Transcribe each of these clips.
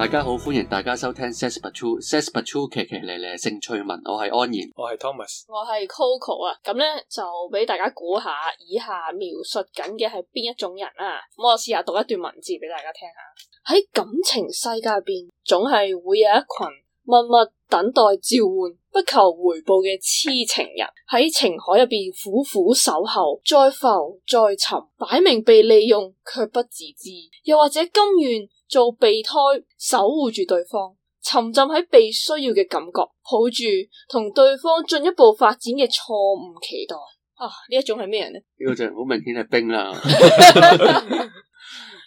大家好，歡迎大家收聽 Sex Patrol，Sex Patrol 奇奇咧咧性趣文，我係安然，我係 Thomas，我係 Coco 啊，咁咧就俾大家估下以下描述緊嘅係邊一種人啊，咁我試下讀一段文字俾大家聽下，喺感情世界入邊總係會有一群。默默等待召喚、不求回報嘅痴情人，喺情海入邊苦苦守候，再浮再沉，擺明被利用卻不自知，又或者甘願做備胎，守護住對方，沉浸喺被需要嘅感覺，抱住同對方進一步發展嘅錯誤期待。啊，呢一種係咩人呢？呢個就係好明顯係冰啦。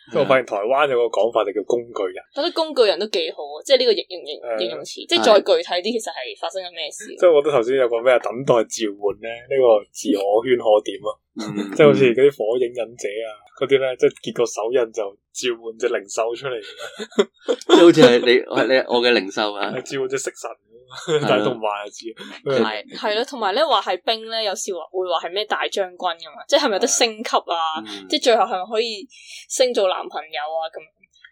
我發現台灣有個講法，就叫工具人。我覺得工具人都幾好啊，即係呢個應用應形容詞，即係 再具體啲，其實係發生緊咩事。即係、 就是、我覺得頭先有個咩啊，等待召喚咧，呢、這個字可圈可點啊！嗯、即係好似嗰啲火影忍者啊，嗰啲咧即係結個手印就召喚隻靈獸出嚟，即係好似係你 我你我嘅靈獸啊，召喚隻食神咁，但係都唔話又知係係咯，同埋咧話係兵咧，有時話會話係咩大將軍咁嘛，即係係咪有得升級啊？即係的、嗯、最後係咪可以升做男朋友啊？咁，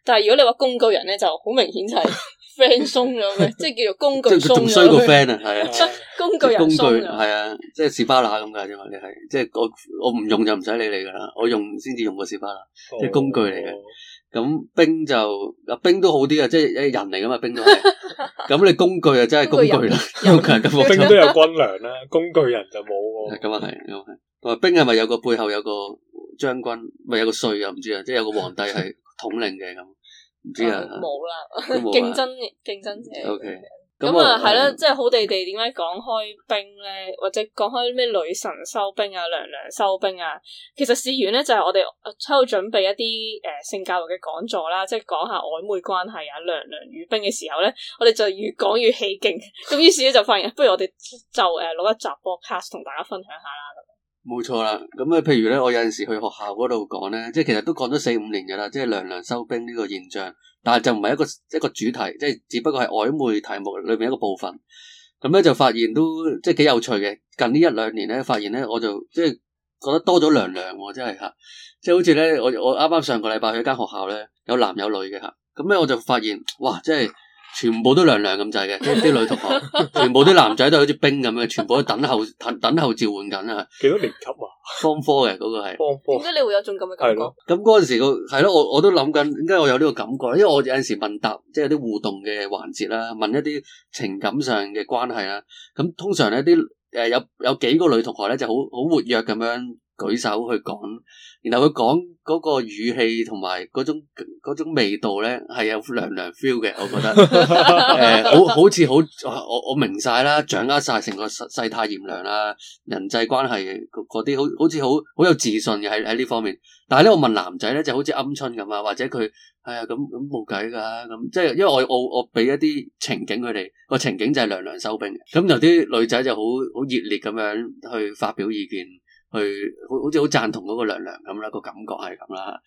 但係如果你話工具人咧，就好明顯就係。 friend 鬆咗咩？即係叫做工具鬆咗。即係仲衰過 friend 啊，係啊。工具人。工具係啊，即係士巴拿咁噶啫嘛。你係即係我我唔用就唔使理你噶啦。我用先至用個士巴拿，即係工具嚟嘅。咁兵就啊，兵都好啲啊，即係誒人嚟噶嘛兵都係。咁你工具啊真係工具啦。人、嗯、咁，兵都有軍糧啦，工具人就冇。咁啊係，咁啊係。話兵係咪有個背後有個將軍？咪 有個帥啊？唔知啊，即係有個皇帝係統領嘅咁。唔知啊，冇啦、嗯，競爭競爭者。O K，咁啊係啦，即係好地地點解講開兵咧，或者講開咩女神收兵啊、娘娘收兵啊，其實事緣咧就係、是、我哋喺度準備一啲誒、呃、性教育嘅講座啦，即係講下曖昧關係啊、娘娘與兵嘅時候咧，我哋就越講越起勁，咁於是咧就發現，不如我哋就誒錄、呃、一集 podcast 同大家分享下啦。冇錯啦，咁咧，譬如咧，我有陣時去學校嗰度講咧，即係其實都講咗四五年嘅啦，即係娘娘收兵呢個現象，但係就唔係一個一個主題，即係只不過係曖昧題目裏面一個部分。咁咧就發現都即係幾有趣嘅。近呢一兩年咧，發現咧我就即係覺得多咗娘娘，真係吓，即係好似咧，我我啱啱上個禮拜去一間學校咧，有男有女嘅吓，咁咧我就發現哇，即係。全部都涼涼咁滯嘅，啲女同學全部啲男仔都好似冰咁樣，全部都等候、等候召喚緊啊！幾多年級啊？方科嘅嗰、嗰個係。方科。點解你會有種咁嘅感覺？咁嗰陣時個係咯，我我都諗緊點解我有呢個感覺，因為我有陣時問答，即係啲互動嘅環節啦，問一啲情感上嘅關係啦。咁通常咧啲誒有有幾個女同學咧就好好活躍咁樣。舉手去講，然後佢講嗰個語氣同埋嗰種嗰種味道咧，係有娘娘 feel 嘅。我覺得，誒、 uh，好好似好我我明晒啦，掌握晒成個世態炎涼啦，人際關係嗰啲，好好似好好有自信嘅喺喺呢方面。但係咧，我問男仔咧，就好似鵪鶉咁啊，或者佢係、哎、啊咁咁冇計噶咁，即係因為我我我俾一啲情景佢哋個情景就係娘娘收兵，咁有啲女仔就好好熱烈咁樣去發表意見。去，好好似好贊同嗰個娘娘咁啦，個感覺係咁啦，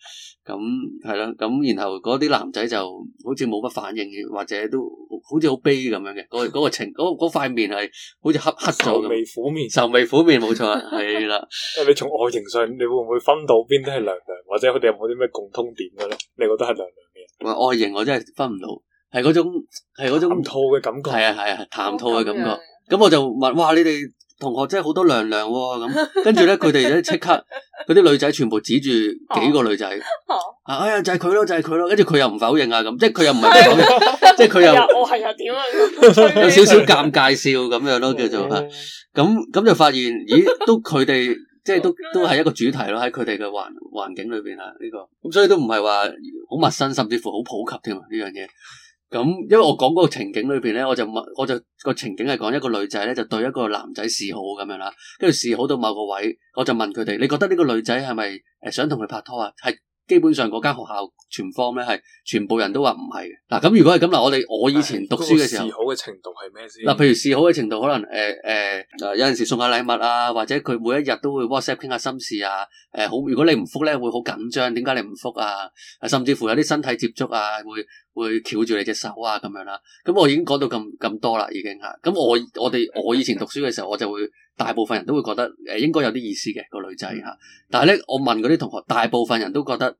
咁係咯，咁然後嗰啲男仔就好似冇乜反應，或者都好似好悲咁樣嘅，嗰、嗰、嗰個情，嗰嗰塊面係好似黑黑咗咁，愁眉苦面，愁眉苦面冇錯，係啦。咁 的你從外形上，你會唔會分到邊啲係娘娘，或者佢哋有冇啲咩共通點嘅咧？你覺得係娘娘嘅？外形我真係分唔到，係嗰種係嗰種談吐嘅感覺，係啊係啊，談吐嘅感覺。咁我就問，哇，哇你哋。同學真係好多娘娘咁，跟住咧佢哋咧即刻嗰啲女仔全部指住幾個女仔， 啊，哎呀就係佢咯，就係佢咯，跟住佢又唔否認啊咁， 即係佢又唔係 即係佢又我係啊點啊， 有少少尷尬笑咁樣咯叫做，咁咁就發現咦都佢哋即係都都係一個主題咯，喺佢哋嘅環環境裏邊啊呢個，咁所以都唔係話好陌生，甚至乎好普及添啊呢樣嘢。咁因為我講嗰個情景裏邊咧，我就問，我就、嗰個情景係講一個女仔咧就對一個男仔示好咁樣啦，跟住示好到某個位，我就問佢哋，你覺得呢個女仔係咪誒想同佢拍拖啊？係基本上嗰間學校全方咧係全部人都話唔係嘅。嗱，咁如果係咁啦，我哋我以前讀書嘅時候，示好嘅程度係咩先？嗱，譬如示好嘅程度可能誒誒、呃呃，有陣時送下禮物啊，或者佢每一日都會 WhatsApp 傾下心事啊。誒好，如果你唔復咧，會好緊張。點解你唔覆啊？甚至乎有啲身體接觸啊，會會翹住你隻手啊，咁樣啦。咁、嗯、我已經講到咁咁多啦，已經嚇。咁、嗯、我我哋我以前讀書嘅時候，我就會大部分人都會覺得誒、呃、應該有啲意思嘅、嗰個女仔嚇。但係咧，我問嗰啲同學，大部分人都覺得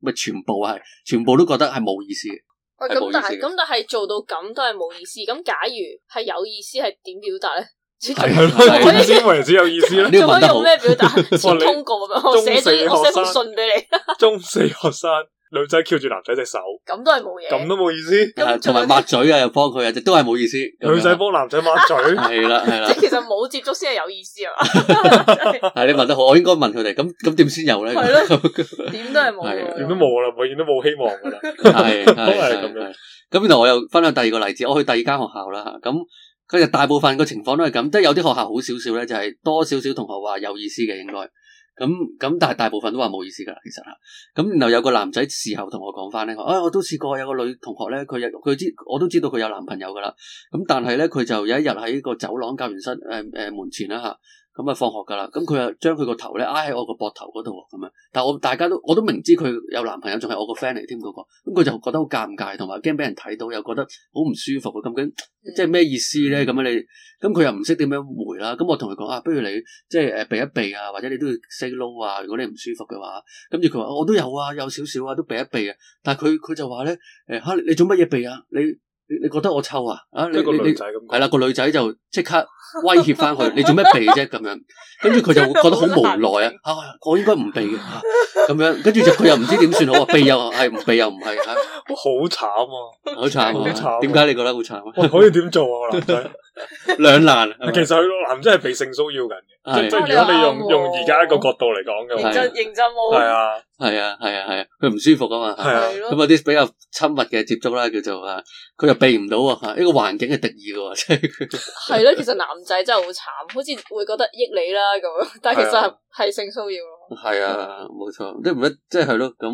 咪全部係全部都覺得係冇意思嘅。喂，咁但係咁但係做到咁都係冇意思。咁假如係有意思係點表達咧？係係咯，所以先為止有意思咯。仲可以用咩表達？通過咁樣，寫信俾你。中四學生女仔翹住男仔隻手，咁都係冇嘢。咁都冇意思。同埋抹嘴啊，又幫佢啊，都係冇意思。女仔幫男仔抹嘴，係啦係啦。即係其實冇接觸先係有意思啊嘛。係你問得好，我應該問佢哋。咁咁點先有咧？係咯，點都係冇。點都冇啦，永遠都冇希望噶啦。係都係咁樣。咁然後我又分享第二個例子，我去第二間學校啦吓咁。佢就大部分個情況都係咁，即係有啲學校好少少咧，就係、是、多少少同學話有意思嘅應該，咁咁但係大部分都話冇意思噶啦，其實嚇。咁然後有個男仔事後同我講返咧，佢：，唉，我都試過有個女同學咧，佢有佢知，我都知道佢有男朋友噶啦。咁但係咧，佢就有一日喺個走廊教員室誒誒、呃呃、門前啦嚇。咁啊，放學噶啦，咁佢啊將佢個頭咧挨喺我個膊頭嗰度咁樣，但係我大家都我都明知佢有男朋友、朋友，仲係我個 friend 嚟添嗰個，咁佢就覺得好尷尬，同埋驚俾人睇到又覺得好唔舒服，究竟，即係咩意思咧？咁樣你，咁佢又唔識點樣回啦。咁我同佢講啊，不如你即係誒避一避啊，或者你都要 say no 啊，如果你唔舒服嘅話。跟住佢話我都有啊，有少少啊，都避一避啊。但係佢佢就話咧，誒，哈，你做乜嘢避啊？你？你覺得我臭啊？啊你你係啦個女仔， 女仔就即刻威脅翻佢，你做咩避啫咁樣？跟住佢就會覺得好無奈啊！啊，我應該唔避嘅，咁樣跟住就佢又唔知點算好啊？避又係唔避又唔係吓。好慘啊！好慘啊！點解你覺得好慘咧？可以點做啊，男仔兩難。其實男仔係被性騷擾緊嘅，即係如果你用用而家一個角度嚟講嘅話，認真認真喎，係啊，係啊，係啊，係啊，佢唔舒服噶嘛，係咯，咁啊啲比較親密嘅接觸啦，叫做啊，佢又避唔到啊，呢個環境係敵意噶喎，即係係咯，其實男仔真係好慘，好似會覺得益你啦咁，但係其實係性騷擾咯。係啊，冇錯，即係唔係，即係咯咁。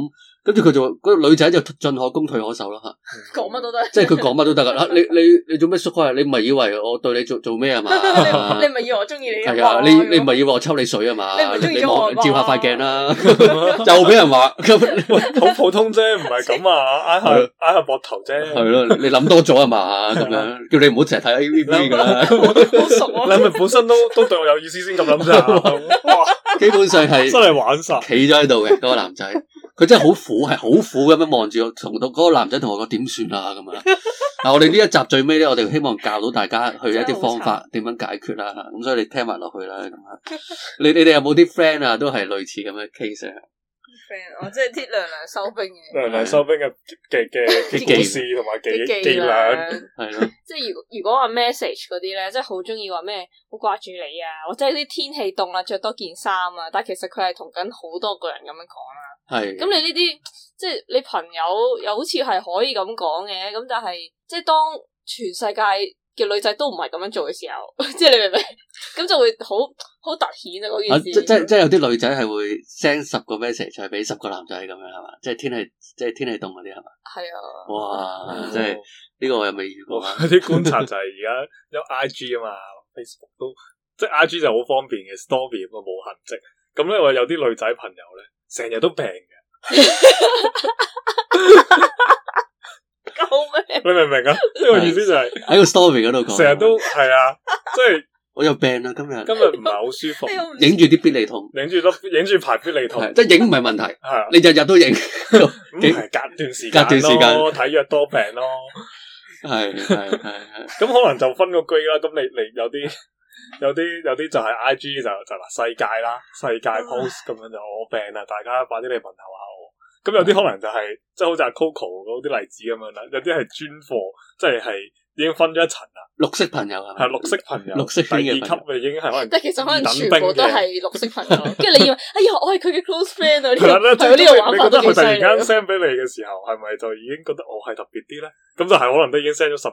跟住佢就嗰個女仔就進可攻退可守咯，吓，講乜都得，即係佢講乜都得噶。吓，你你你做咩縮開啊？你唔係以為我對你做做咩啊嘛？你你唔係以為我中意你？係啊，你你唔係以為我抽你水啊嘛？你唔中意我，照下塊鏡啦，就俾人話好普通啫，唔係咁啊，挨下下膊頭啫。係咯，你諗多咗啊嘛，咁樣叫你唔好成日睇 A V 噶。我都玩實，你咪本身都都對我有意思先咁諗啫。基本上係真係玩晒。企咗喺度嘅嗰個男仔。佢真係好苦，係好苦咁樣望住我，同到嗰個男仔同我講點算啊咁 啊！嗱，我哋呢一集最尾咧，我哋希望教到大家去一啲方法，點樣解決啦、啊、咁，所以你聽埋落去啦。你你哋有冇啲 friend 啊？都係類似咁嘅 case。friend， 我即係啲娘娘收兵嘅。娘娘 收兵嘅嘅嘅技士同埋技伎倆，係咯 。即係如果如果話 message 嗰啲咧，即係好中意話咩？好掛住你啊！或者啲天氣凍啊，着多件衫啊。但係其實佢係同緊好多個人咁樣講啦。係咁，你呢啲即係你朋友又好似係可以咁講嘅，咁但係即係當全世界嘅女仔都唔係咁樣做嘅時候，即係你明唔明？咁 就會好好突顯啊嗰件事。啊、即係即係有啲女仔係會 send 十個 message 俾十個男仔咁樣係嘛？即係天氣，即係天氣凍嗰啲係嘛？係啊！的哇！嗯、即係呢、嗯、個我又未遇過。啲 觀察就係而家有 I G 啊嘛 ，Facebook 都即係 I G 就好方便嘅，story 咁啊冇痕跡。咁咧我有啲女仔朋友咧。成日都病嘅， 救命！你明唔明啊？呢 個意思就係、是、喺 個 story 嗰度講，成日都係 啊，即係我有病啦今日，今日唔係好舒服，影住啲必利痛，影住粒影住排必利痛，即係影唔係問題，係、 啊、 你日日都影，隔段唔係隔段時間我睇藥多病咯，係係係，咁可能就分個,個 grade 啦，咁你你,你有啲。 有啲有啲就係 I G 就就話世界啦世界 p o s e 咁樣就我病啦，大家快啲嚟問候下我。咁有啲可能就係即係好似阿 Coco 嗰啲例子咁樣啦，有啲係專貨，即係係已經分咗一層啦。綠色朋友係咪？係綠色朋友，是是綠色，朋綠色朋第二級已經係可能。但係其實可能全部都係綠色朋友，跟住 你以為哎呀，我係佢嘅 close friend 啊。係啦，最呢個玩法你覺得佢突然間 send 俾你嘅時候，係咪就已經覺得我係特別啲咧？咁 就係可能都已經 send 咗十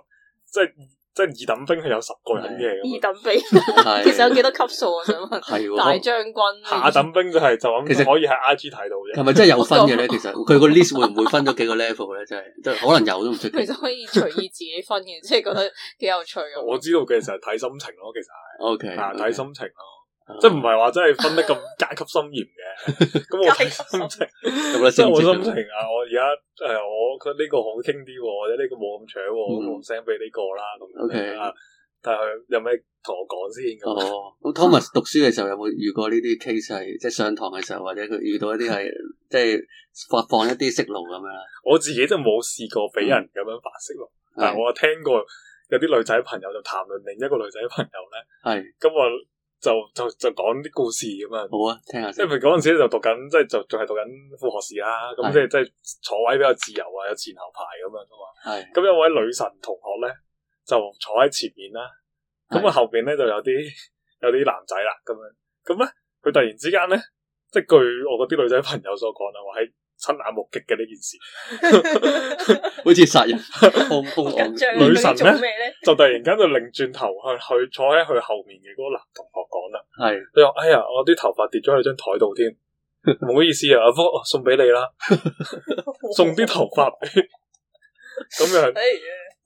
即係。即係二等兵係有十個人嘅，二等兵其實有幾多級數啊？想問，大將軍下等兵就係就咁，其實可以喺 I G 睇到嘅。係咪真係有分嘅咧？其實佢個 list 會唔會分咗幾個 level 咧？即係即係可能有都唔出奇。其實可以隨意自己分嘅，即係覺得幾有趣。我知道嘅就係睇心情咯，其實係。O K，睇心情咯。即係唔係話真係分得咁階級森嚴嘅，咁我心情，即係我心情啊！我而家誒，我覺得呢個好傾啲，或者呢個冇咁搶，咁我唔想俾你過啦。咁樣，但係佢有咩同我講先咁？哦，咁 Thomas 讀書嘅時候有冇遇過呢啲 case？係即係上堂嘅時候，或者佢遇到一啲係即係發放一啲色狼咁樣？我自己都冇試過俾人咁樣發色狼，但係我聽過有啲女仔朋友就談論另一個女仔朋友咧。係咁我。就就就講啲故事咁啊，好啊，聽下。因為嗰陣時就讀緊，即係就仲、是、係、就是、讀緊副學士啦。咁即係即係坐位比較自由啊，有前後排咁樣噶嘛。係咁是的 有位女神同學咧，就坐喺前面啦。咁啊是的 後邊咧就有啲有啲男仔啦。咁樣咁咧，佢突然之間咧，即係據我嗰啲女仔朋友所講啦，話喺。親眼目擊嘅呢件事，好似殺人慌慌 張 女神咧 就突然間就擰轉頭去坐喺佢後面嘅嗰個男同學講啦，係佢話哎呀，我啲頭髮跌咗喺張台度添，唔 好意思啊，阿福送俾你啦， 送啲頭髮，咁樣。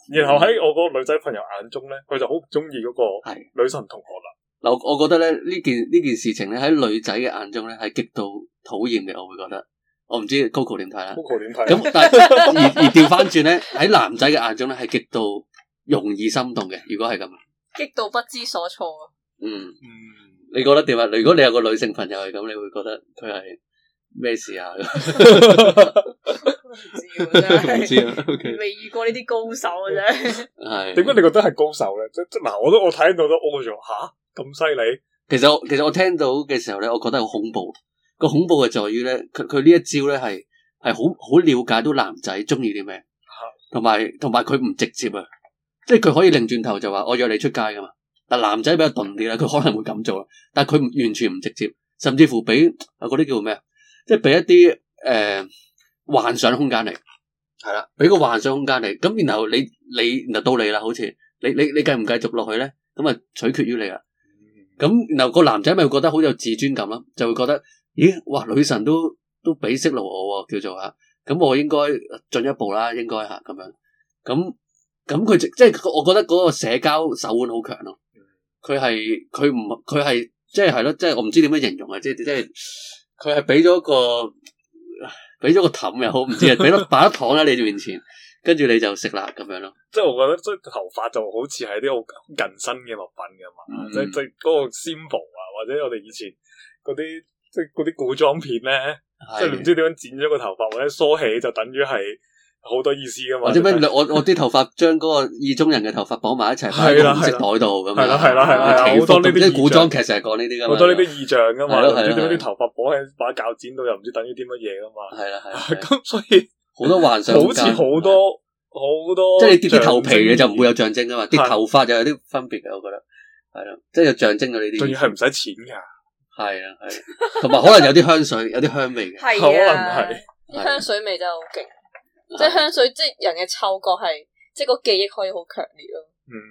然後喺我個女仔朋友眼中咧，佢就好唔中意嗰個女神同學啦。嗱，我覺得咧呢件呢件事情咧喺女仔嘅眼中咧係極度討厭嘅，我會覺得。我唔知 Google 點睇啦 Google 點睇咁？但係而而調翻轉咧，喺男仔嘅眼中咧，係極度容易心動嘅。如果係咁，極度不知所措啊！嗯嗯，你覺得點啊？如果你有個女性朋友係咁，你會覺得佢係咩事啊？唔唔 知啊！未、 okay、遇過呢啲高手嘅真係。點解 是你覺得係高手咧？即即嗱，我都我睇到都 O 咗吓咁犀利。啊、其實我其實我聽到嘅時候咧，我覺得好恐怖。個恐怖嘅在於咧，佢佢呢一招咧，係係好好了解到男仔中意啲咩，同埋同埋佢唔直接啊，即係佢可以擰轉頭就話我約你出街噶嘛。但男仔比較鈍啲啦，佢可能會咁做，但係佢完全唔直接，甚至乎俾啊嗰啲叫咩啊，即係俾一啲誒、呃、幻想空間嚟。係啦，俾個幻想空間嚟。咁然後你你，你，然後就到你啦，好似你你你繼唔繼續落去咧，咁啊取決於你啦。咁然後個男仔咪覺得好有自尊感咯，就會覺得。咦，哇 invece！女神都都俾識路我喎，叫做吓。咁我應該進一步啦，應該吓。咁樣。咁咁佢即即，我覺得嗰個社交手腕好強咯。佢係佢唔佢係即係係咯，即係我唔知點樣形容啊，即即係佢係俾咗個俾咗個氹又好，唔知啊，俾咗白糖喺你面前，跟住你就食啦咁樣咯。即係我覺得，即係頭髮就好似係啲好近身嘅物品㗎嘛，嗯、即即嗰、嗰個蠶毛啊，或者我哋以前嗰啲。即係嗰啲古裝片咧，即係唔知點樣剪咗個頭髮或者梳起，就等於係好多意思噶嘛。或者咩？我我啲頭髮將嗰個意中人嘅頭髮綁埋一齊喺編織袋度咁樣，係啦係啦係啦好多呢啲。古裝劇成日講呢啲噶嘛，好多呢啲意象噶嘛。好多呢啲頭髮綁喺把鉸剪度又唔知等於啲乜嘢噶嘛。係啦係。咁所以好多幻想，好似好多好多。即係你跌啲頭皮嘅就唔會有象徵噶嘛，啲頭髮就有啲分別嘅。我覺得係啦，即係有象徵嘅呢啲。仲要係唔使錢噶係啊，係，同埋可能有啲香水，有啲香味嘅，可能係啲香水味真係好勁，即係香水，即係人嘅嗅覺係，即係個記憶可以好強烈咯，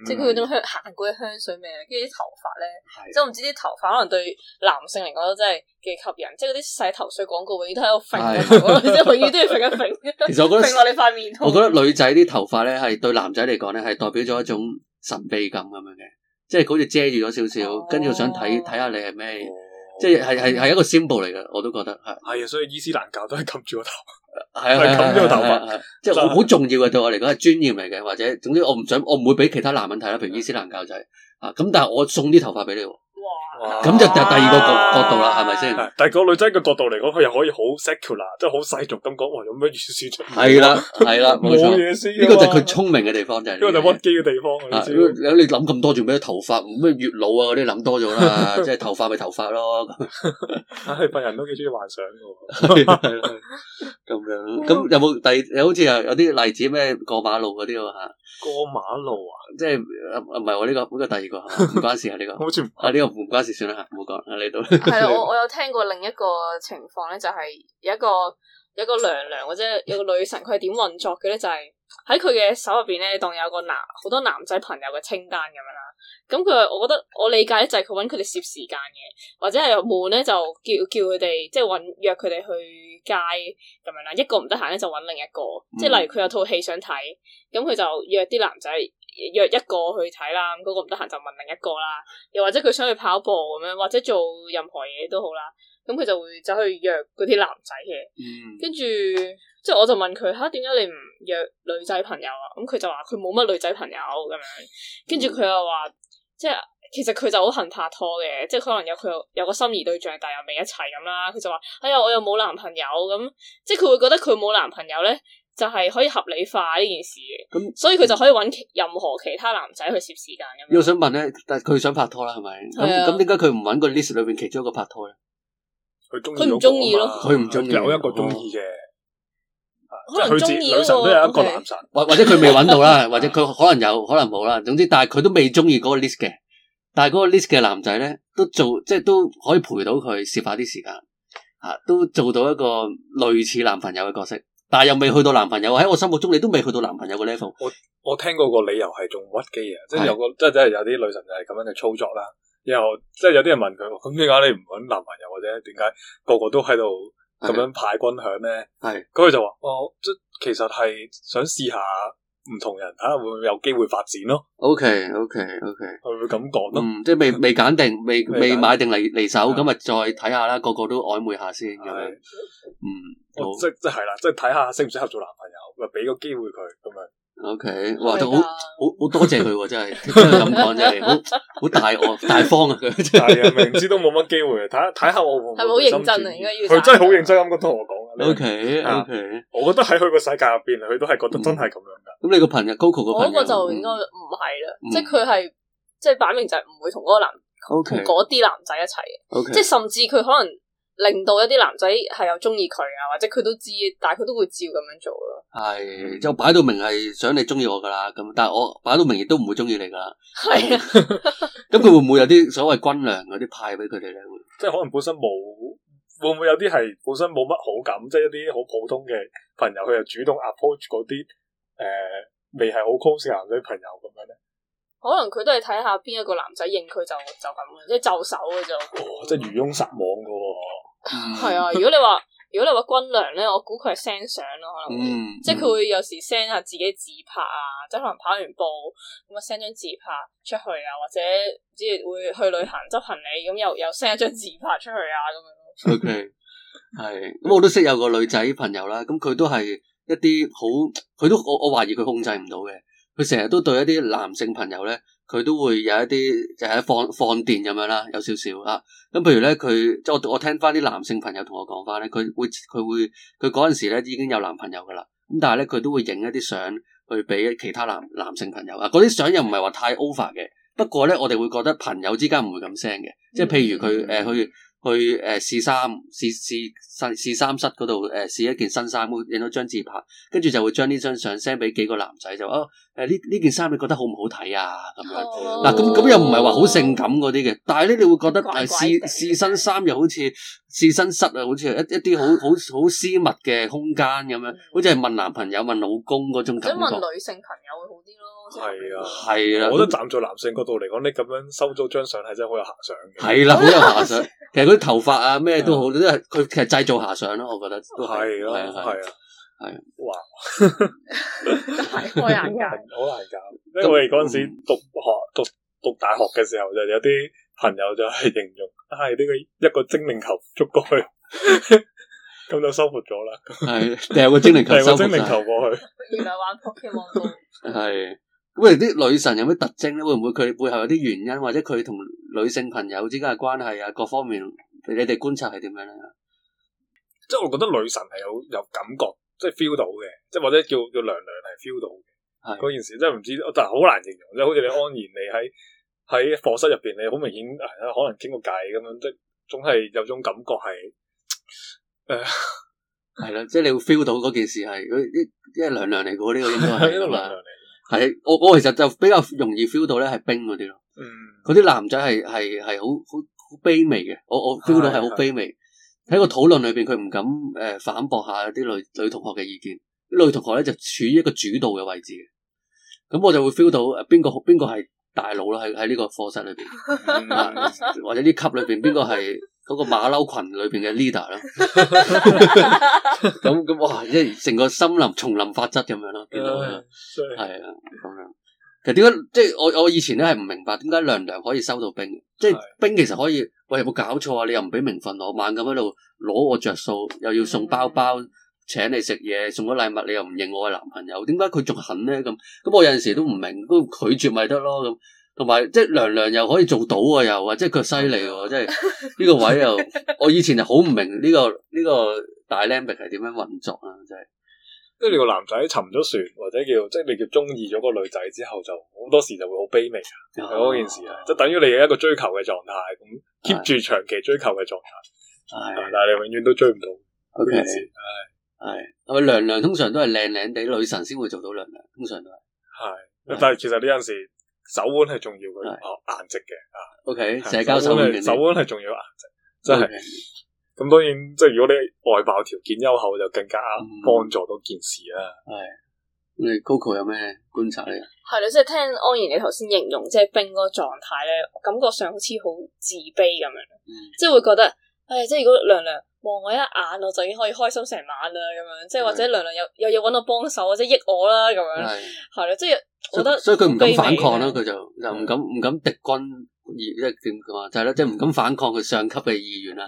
即係佢嗰種香行過嘅香水味，跟住啲頭髮咧，即係我唔知啲頭髮可能對男性嚟講都真係幾吸引，即係嗰啲洗頭水廣告永遠都喺度揈，永遠都要揈一揈。其實我覺得我你塊面，我覺得女仔啲頭髮咧係對男仔嚟講咧係代表咗一種神秘感咁樣嘅，即係好似遮住咗少少，跟住我想睇睇下你係咩。即係係係一個 symbol 嚟嘅，我都覺得係。係啊，所以伊斯蘭教都係冚住個頭，係啊， 係冚 住個頭髮，即係好重要嘅。對我嚟講係尊嚴嚟嘅，或者總之我唔想我唔會俾其他男人睇啦。譬如伊斯蘭教就係啊，咁的但係我送啲頭髮俾你。咁就就第二個角度啦，係咪先？但係個女仔嘅角度嚟講，佢又可以好 secular，即係好世俗咁講。哇，有咩意思出？係啦，係啦，冇錯。呢個就係佢聰明嘅地方，就係呢個就屈機嘅地方。你諗咁多，做咩頭髮咩越老，啊嗰啲諗多咗啦？即係頭髮咪頭髮咯。啊，係白人都幾中意幻想嘅。係啦，咁樣。咁有冇第？有好似有有啲例子咩？過馬路嗰啲啊吓。過馬路啊！即係唔唔係我呢個呢、呢個第二個，唔關事啊呢個，啊呢個唔關事算啦吓，唔好講喺呢度。係啊，係啊 我我有聽過另一個情況咧，就係、係、有一個有 一個娘娘或者有個女神，佢係點運作嘅咧，就係、係、喺佢嘅手入邊咧，當有個男好多男仔朋友嘅清單咁樣啦。咁佢，我覺得我理解就係佢搵佢哋攝時間嘅，或者係悶咧就叫叫佢哋即係搵約佢哋去街咁樣啦。一個唔得閒咧就搵另一個，即係例如佢有套戲想睇，咁佢就約啲男仔約一個去睇啦。咁嗰個唔得閒就問另一個啦。又或者佢想去跑步咁樣，或者做任何嘢都好啦。咁佢就會走去約嗰啲男仔嘅，跟住、嗯、即係我就問佢嚇點解你唔約女仔朋友啊？咁佢就話佢冇乜女仔朋友咁樣，跟住佢又話即係其實佢就好恨拍拖嘅，即係可能有佢有個心儀對象，但又未一齊咁啦。佢就話：哎呀，我又冇男朋友咁，即係佢會覺得佢冇男朋友咧，就係、是、可以合理化呢件事嘅。咁、嗯、所以佢就可以揾任何其他男仔去攝時間。咁樣我想問咧，但係佢想拍拖啦，係咪？咁咁點解佢唔揾個 list 裏邊其中一個拍拖咧？佢唔中意咯，佢唔中意。有一個中意嘅，即係佢接女神都有一個男神，或、哦 okay、或者佢未揾到啦， 或者佢可能有，可能冇啦。總之，但係佢都未中意嗰個 list 嘅。但係嗰個 list 嘅男仔咧，都做即係都可以陪到佢，攝下啲時間，嚇、啊、都做到一個類似男朋友嘅角色。但係又未去到男朋友喺我心目中，你都未去到男朋友嘅 level 我。我我聽過個理由係仲屈機啊，即係有個是即係真係有啲女神就係咁樣嘅操作啦。然後即係有啲人問佢，咁點解你唔揾男朋友或者點解個個都喺度咁樣派軍餉咧？係，咁佢就話：哦，即其實係想試下唔同人睇下會唔會有機會發展咯。O K O K O K，佢會咁講咯。嗯，即係未未揀定，未未買定嚟離手，咁咪 定再睇下啦。個個都曖昧下先咁樣。的嗯，嗯好即係即係啦，即係睇下適唔適合做男朋友，咪俾個機會佢咁樣。O K，哇，就好好好多謝佢真係咁講，真係，好好大愛大方啊！佢真係明知都冇乜機會，睇睇下我係咪好認真啊？應該要，佢真係好認真咁樣同我講。O K，O K，我覺得喺佢個世界入邊，佢都係覺得真係咁樣噶。咁你個朋友 Goku 個朋友，我個就應該唔係啦，即係佢係即係擺明就係唔會同嗰個男，嗰啲男仔一齊嘅，即係甚至佢可能。令到一啲男仔係有中意佢啊，或者佢都知，但係佢都會照咁樣做咯。係就擺到明係想你中意我噶啦，咁但係我擺到明亦都唔會中意你噶。係啊，咁佢會唔會有啲所謂軍糧嗰啲派俾佢哋咧？即係可能本身冇，會唔會有啲係本身冇乜好感，即係一啲好普通嘅朋友，佢又主動 approach 嗰啲誒、呃、未係好 close 嘅朋友咁樣咧？可能佢都係睇下邊一個男仔認佢就就咁，即係就手嘅就哦，即係漁翁撒網個。係 啊，如果你話如果你話軍糧咧，我估佢係 send 相咯，啊，可能會，嗯嗯、即係佢會有時 send 下自己自拍啊，即係可能跑完步咁啊 send 張自拍出去啊，或者即係會去旅行執行李咁又又 send 一張自拍出去啊咁樣。O K，係，咁我都識有個女仔朋友啦，咁佢都係一啲好，佢都我我懷疑佢控制唔到嘅，佢成日都對一啲男性朋友咧。佢都會有一啲誒、就係、放放電咁樣啦，有少少啊。咁、啊、譬、啊啊、如咧，佢即係我我聽翻啲男性朋友同我講翻咧，佢會佢會佢嗰陣時咧已經有男朋友噶啦。咁但係咧，佢都會影一啲相去俾其他男男性朋友啊。嗰啲相又唔係話太 over 嘅，不過咧，我哋會覺得朋友之間唔會咁聲嘅。即係譬如佢誒去。呃去誒試衫，試試試試衫室度誒試一件新衫，會影到張自拍，跟住就會將呢張相 send 俾幾個男仔，就哦誒呢呢件衫你覺得好唔好睇啊？咁樣嗱，咁咁、哦啊、又唔係話好性感啲嘅，但係咧你會覺得誒試試新衫,衫又好似試身室啊，好似係一一啲好好好私密嘅空間咁樣好似係問男朋友、嗯、問老公嗰種感覺。問女性朋友會好啲咯。係啊，係啊！的我都站在男性角度嚟講，你咁樣收咗張相，係真係好有遐想嘅。係啦，好有遐想。其實佢啲頭髮啊，咩都好，都係佢其實製造遐想咯。我覺得都係咯，係啊，係啊，係。哇！好難搞。因為嗰陣時讀學讀讀,讀,讀大學嘅時候，就有啲朋友就係形容：，係呢個一個精靈球捉過去，咁 就收服咗啦。係，掟個精靈球，掟 個精靈球過去。原來玩 Pokemon 係。喂，啲女神有咩特徵咧？會唔會佢背後有啲原因，或者佢同女性朋友之間嘅關係啊，各方面，你哋觀察係點樣咧？即係我覺得女神係有有感覺，即係 feel 到嘅，即係或者叫叫娘娘係 feel 到嘅。係嗰的件事真係唔知，但係好難形容。即係好似你安然你喺喺課室入邊，你好明顯，可能傾個偈咁樣，都總係有種感覺係，誒、呃，係啦，即係你會 feel 到嗰件事係，即係娘娘嚟嗰呢個應該係嘛？ 係，我我其實就比較容易 feel 到咧，係冰嗰啲咯。嗯，嗰啲男仔係係係好好好卑微嘅，我我 feel 到係好卑微。喺、嗯、個討論裏邊，佢唔敢誒、呃、反駁下啲女女同學嘅意見，啲女同學咧就處於一個主導嘅位置嘅。咁我就會 feel 到誒，邊個邊個係大佬咯？喺喺呢個課室裏邊、嗯啊，或者啲級裏邊，邊個係？嗰個馬騮羣裏邊嘅 leader 咯， 咁咁哇，即係成個森林叢林法則咁樣咯，見到係咁、uh, sorry. 樣。其實點解即係我我以前咧係唔明白點解娘娘可以收到兵？即係的兵其實可以喂，有冇搞錯啊？你又唔俾名分、啊、我，猛咁喺度攞我着數，又要送包包、mm hmm. 請你食嘢，送個禮物你又唔認我係男朋友，點解佢仲肯咧？咁咁我有陣時都唔明，都拒絕咪得咯咁。同埋即係娘娘又可以做到啊，又或者佢犀利喎！即係呢 個位又，我以前，這個這個，就好唔明呢個呢個 dynamic 係點樣運作啊！即係，即係你個男仔沉咗船，或者叫即係你叫中意咗個女仔之後，就好多時就會好卑微啊！嗰件事啊，即、就是，等於你一個追求嘅狀態，咁 keep 住長期追求嘅狀態，係的但係你永遠都追唔到嗰，哎，件事，係係咁啊！娘娘通常都係靚靚地女神先會做到娘娘，通常都係係，但係其實呢陣時。手腕係重要嘅哦，顏值嘅啊，OK，是是社交手腕，手腕係重要顏值，真係 Okay.、就是。咁當然，即、就、係、是、如果你外貌條件優厚，就更加幫助到件事啦。係、嗯，你 Coco 有咩觀察咧？係啦，即、就、係、是、聽安然你頭先形容，即、就、係、是、冰嗰個狀態咧，感覺上好似好自卑咁樣，即係、嗯、會覺得，哎，即、就、係、是、如果涼涼。望我一眼，我就已經可以開心成晚啦。咁樣，即係或者娘娘又有嘢揾我幫手，或者益我啦。咁樣，係啦的，的即係覺得，所以佢唔敢反抗啦。佢就就唔敢唔敢敵軍意，即係點講啊？就係、是、啦，即係唔敢反抗佢上級嘅意願啦。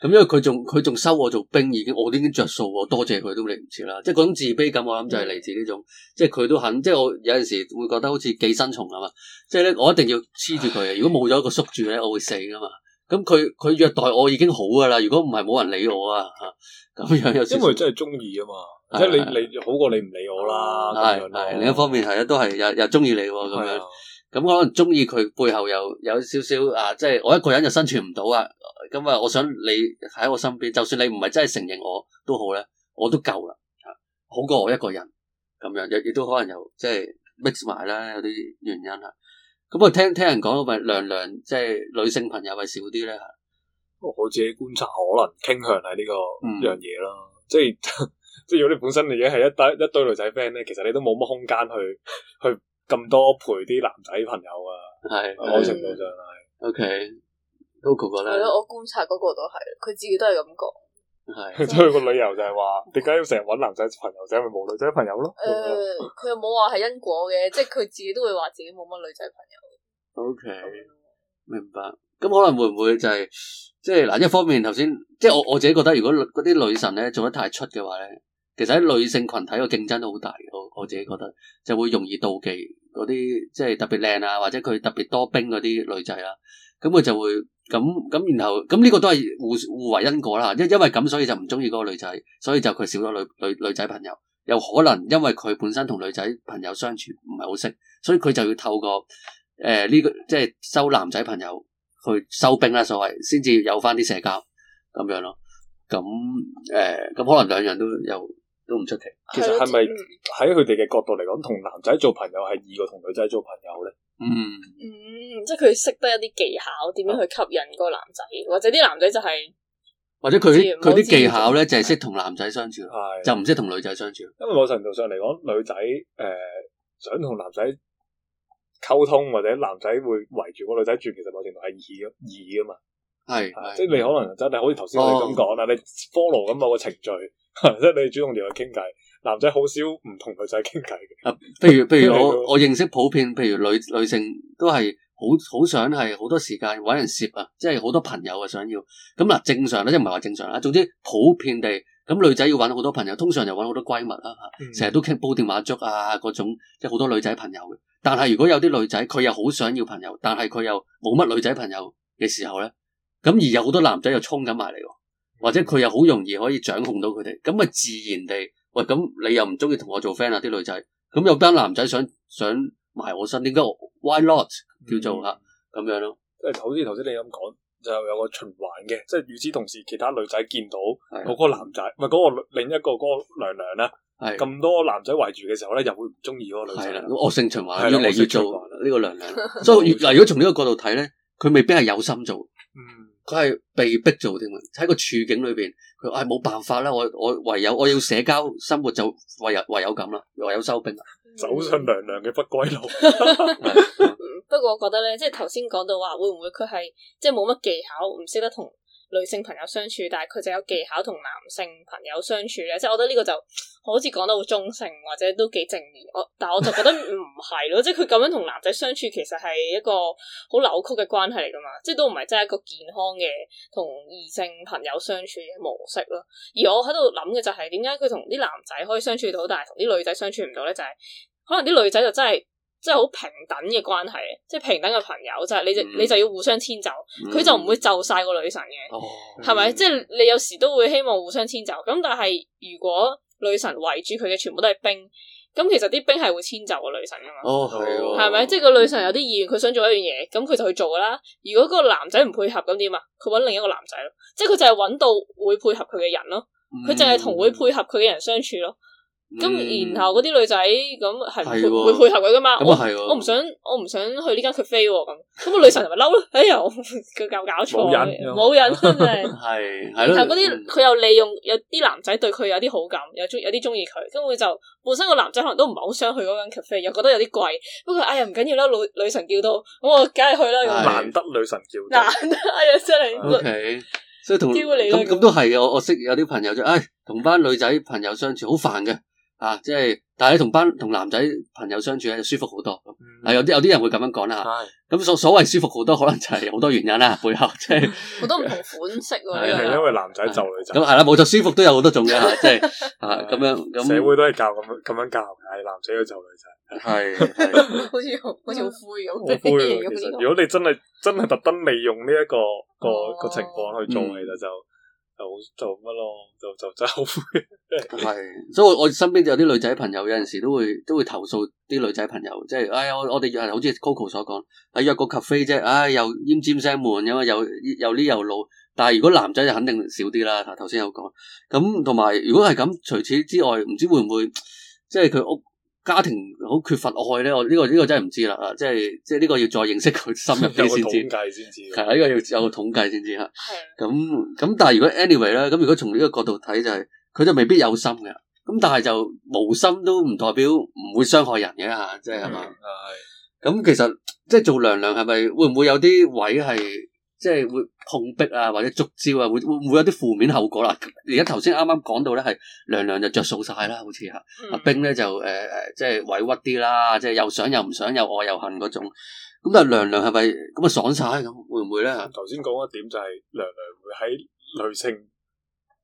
咁 因為佢仲佢仲收我做兵，已經我已經着數，我多謝佢都嚟唔切啦。即係嗰種自卑感，我諗就係嚟自呢種。 即係佢都肯，即係我有陣時會覺得好似寄生蟲啊嘛。即係咧，我一定要黐住佢。如果冇咗一個宿主咧，我會死噶嘛。 咁佢佢虐待我已經好噶啦，如果唔係冇人理我啊，吓，咁樣又因為真係中意啊嘛，的即係你你好過你唔理我啦。係系的樣另一方面係咧，都係又又中意你咁、啊、樣。咁的可能中意佢背後又有少少啊，即係我一個人又生存唔到啊。咁啊，我想你喺我身邊，就算你唔係真係承認我都好咧，我都夠啦吓，好過我一個人咁樣，亦亦都可能又即係 mix 埋啦，有啲原因吓。咁啊，聽聽人講咪，娘娘，即係女性朋友咪少啲咧吓。我自己觀察，可能傾向係呢、這個呢、嗯、樣嘢咯。即係即係，如果你本身已經係一堆一堆女仔 friend 咧，其實你都冇乜空間去去咁多陪啲男仔朋友啊。係，某程度上係。OK，都覺得係咯。我觀察嗰個都係，佢自己都係咁講。係，出去個理由就係話，點解 要成日搵男仔朋友，就因為冇女仔朋友咯。誒、呃，佢又冇話係因果嘅， 即係佢自己都會話自己冇乜女仔朋友。O Okay, K，Okay. 明白。咁可能會唔會就係、是，即係嗱，一方面頭先，即、就、係、是、我我自己覺得，如果嗰啲女神咧做得太出嘅話咧，其實喺女性群體個競爭都好大。我我自己覺得，就會容易妒忌嗰啲，即、就、係、是、特別靚啊，或者佢特別多兵嗰啲女仔啦、啊。咁佢就會咁咁，然後咁呢個都係互互為因果啦。因因為咁，所以就唔中意嗰個女仔，所以就佢少咗女女女仔朋友。又可能因為佢本身同女仔朋友相處唔係好識，所以佢就要透過誒呢、呃這個即係收男仔朋友去收兵啦，所謂先至有返啲社交咁樣咯。咁誒，咁、呃、可能兩樣都又都唔出奇。其實係咪喺佢哋嘅角度嚟講，同男仔做朋友係易過同女仔做朋友咧？嗯，嗯，即係佢識得一啲技巧，點樣去吸引嗰個男仔，或者啲男仔就係、係，或者佢啲佢啲技巧咧就係識同男仔相處，係就唔識同女仔相處。因為某程度上嚟講，女仔誒、呃、想同男仔溝通，或者男仔會圍住個女仔轉，其實某程度係易嘅，易噶嘛。係，即係你可能真係好似頭先你咁講啦，你 follow 咁某,某個程序，即係你主動啲去傾偈。男仔好少唔同女仔傾偈嘅，啊，譬如譬如我 我，我認識普遍，譬如女女性都係好好想係好多時間搵人攝啊，即係好多朋友啊，想要咁嗱正常咧，即唔係話正常啦，總之普遍地咁女仔要搵好多朋友，通常就搵好多閨蜜啦，成日、嗯、都傾煲電話粥啊，嗰種即係好多女仔朋友嘅。但係如果有啲女仔佢又好想要朋友，但係佢又冇乜女仔朋友嘅時候咧，咁而有好多男仔又衝緊埋嚟喎，或者佢又好容易可以掌控到佢哋，咁啊自然地。喂，咁你又唔中意同我做 friend 啊？啲女仔咁有班男仔想想埋我身，點解？Why not？叫做吓咁、嗯、樣咯。即係頭先，頭先你咁講就有個循環嘅，即係與此同時，其他女仔見到嗰個男仔，唔係嗰個另一個嗰個娘娘啦，咁多男仔圍住嘅時候咧，又會唔中意嗰個女仔啦。惡性循環，越嚟越做呢個娘娘。所以，嗱， 如果從呢個角度睇咧，佢未必係有心做。嗯。佢係被逼做添啊！喺個處境裏邊，佢係冇辦法啦。我我唯有我要社交生活就唯有唯有咁啦，唯有收兵啦，走上娘娘嘅不歸路。不過我覺得咧，即係頭先講到話，會唔會佢係即係冇乜技巧，唔識得同。女性朋友相處，但係佢就有技巧同男性朋友相處咧，即係我覺得呢個就好似講得好中性，或者都幾正面。我但係我就覺得唔係咯，即係佢咁樣同男仔相處，其實係一個好扭曲嘅關係嚟噶嘛，即係都唔係真係一個健康嘅同異性朋友相處嘅模式咯。而我喺度諗嘅就係點解佢同啲男仔可以相處到，但係同啲女仔相處唔到咧？就係、是、可能啲女仔就真係。即係好平等嘅關係，即、就、係、是、平等嘅朋友，就係、是、你就、嗯、你就要互相遷就，佢、嗯、就唔會就曬個女神嘅，係咪、哦？即、嗯、係、就是、你有時都會希望互相遷就，咁但係如果女神圍住佢嘅全部都係兵，咁其實啲兵係會遷就個女神噶嘛？哦，係喎，係咪？即係、就是、個女神有啲意願，佢想做一樣嘢，咁佢就去做啦。如果嗰個男仔唔配合，咁點啊？佢搵另一個男仔咯，即係佢就係搵到會配合佢嘅人咯，佢、嗯、就係同會配合佢嘅人相處咯咁然後嗰啲女仔咁係會配合佢噶嘛？咁，啊，係我唔想，我唔想去呢間 cafe 咁，咁個女神咪嬲咯。哎呀，佢搞搞錯冇人真係係。然後嗰啲，佢又利用有啲男仔對佢有啲好感，有中有啲中意佢，根本就本身個男仔可能都唔係好想去嗰間 cafe，又覺得有啲貴，不過哎呀，唔緊要啦，女女神叫到咁，我梗係去啦，咁難得女神叫到，難得哎呀，真係 O K 所以，同咁，咁都係嘅，我我識有啲朋友就，哎，同班女仔朋友相處好煩嘅。啊，即係，但係你同班同男仔朋友相處咧，就舒服好多。啊，有啲有啲人會咁樣講啦係。咁所所謂舒服好多，可能就係好多原因啦。背後，即係。好多唔同款式。係，係因為男仔就女仔。咁係啦，冇錯，舒服都有好多種嘅。即係啊，咁樣。社會都係教咁樣，咁樣教，係男仔要就女仔。係。好似好似灰咁。好灰啊，其實如果你真係真係特登利用呢一個個個情況去做，其實就。就做乜咯，就就真係，所以我身邊就有啲女仔朋友，有陣時都會都會投訴啲女仔朋友，即係，哎呀，我我哋約，好似 Coco 所講，係約個 cafe 啫，唉、哎，又奄尖聲悶，咁啊，又又呢又老。但係如果男仔就肯定少啲啦。頭先有講，咁同埋如果係咁，除此之外，唔知會唔會即係佢屋。家庭好缺乏愛咧，我呢、這個呢、這個真係唔知啦，即係即係呢個要再認識佢深入啲先知。係啊， 呢、 這個要有個統計先知嚇。咁咁， 但係如果 anyway 啦，咁如果從呢個角度睇，就係、是、佢就未必有心嘅。咁但係就無心都唔代表唔會傷害人嘅嚇， 即係係嘛。咁其實即係做娘娘係咪會唔會有啲位係？即係會碰壁啊，或者捉招啊，會會會有啲負面後果啦、啊。而家頭先啱啱講到咧，係娘娘就着數晒啦，好似吓、嗯、阿冰咧就誒誒、呃，即係委屈啲啦，即係又想又唔想，又愛又恨嗰種。咁但係娘娘係咪咁啊爽晒咁？會唔會咧？頭先講一點就係娘娘會喺女性